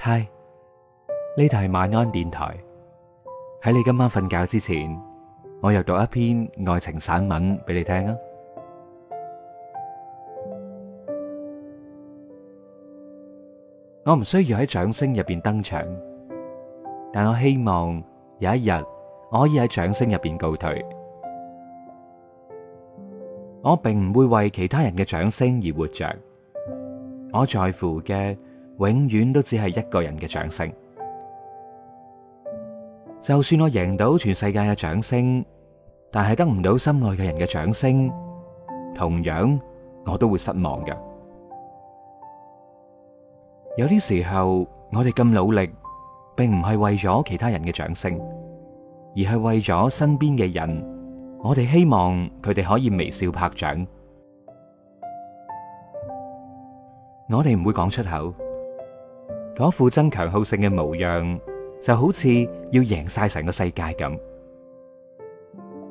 嗨，呢度係晚安電台。喺你今晚瞓覺之前，我又讀一篇愛情散文俾你聽啊！ 我唔需要喺掌聲入邊登場，但我希望有一日我可以喺掌聲入邊告退。我並唔會為其他人嘅掌聲而活着，我在乎嘅，永遠都只係一個人嘅掌聲。就算我贏到全世界嘅掌聲，但係得唔到心愛嘅人嘅掌聲，同樣我都會失望嘅。有啲時候，我哋咁努力，並唔係為咗其他人嘅掌聲，而係為咗身邊嘅人。我哋希望佢哋可以微笑拍掌，我哋唔會講出口。嗰副爭強好勝嘅模樣，就好似要贏晒成個世界咁。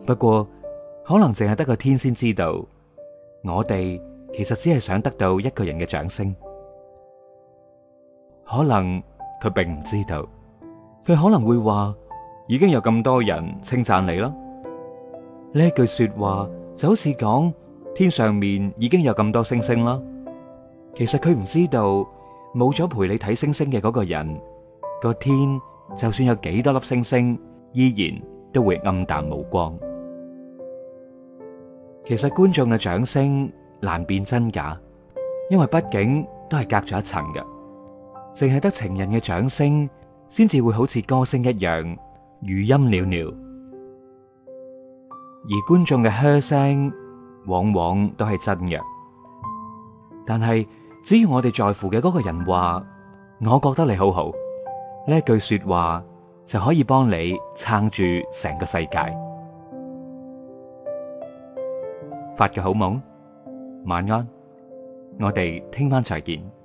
不過可能淨係得個天先知道，我哋其實只係想得到一個人嘅掌聲。可能佢並唔知道，佢可能會話已經有咁多人稱讚你啦。呢一句說話就好似講天上面已經有咁多星星啦。其實佢唔知道。冇咗陪你睇星星嘅嗰個人，個天就算有幾多粒星星，依然都會暗淡無光。其實觀眾嘅掌聲難辨真假，因為畢竟都係隔咗一層嘅，淨係得情人嘅掌聲先至會好似歌聲一樣餘音裊裊，而觀眾嘅噓聲往往都係真嘅，但係。只要我哋在乎嘅嗰個人話，我覺得你好好呢一句說話就可以幫你撐住成個世界。發個好夢，晚安，我哋聽晚再見。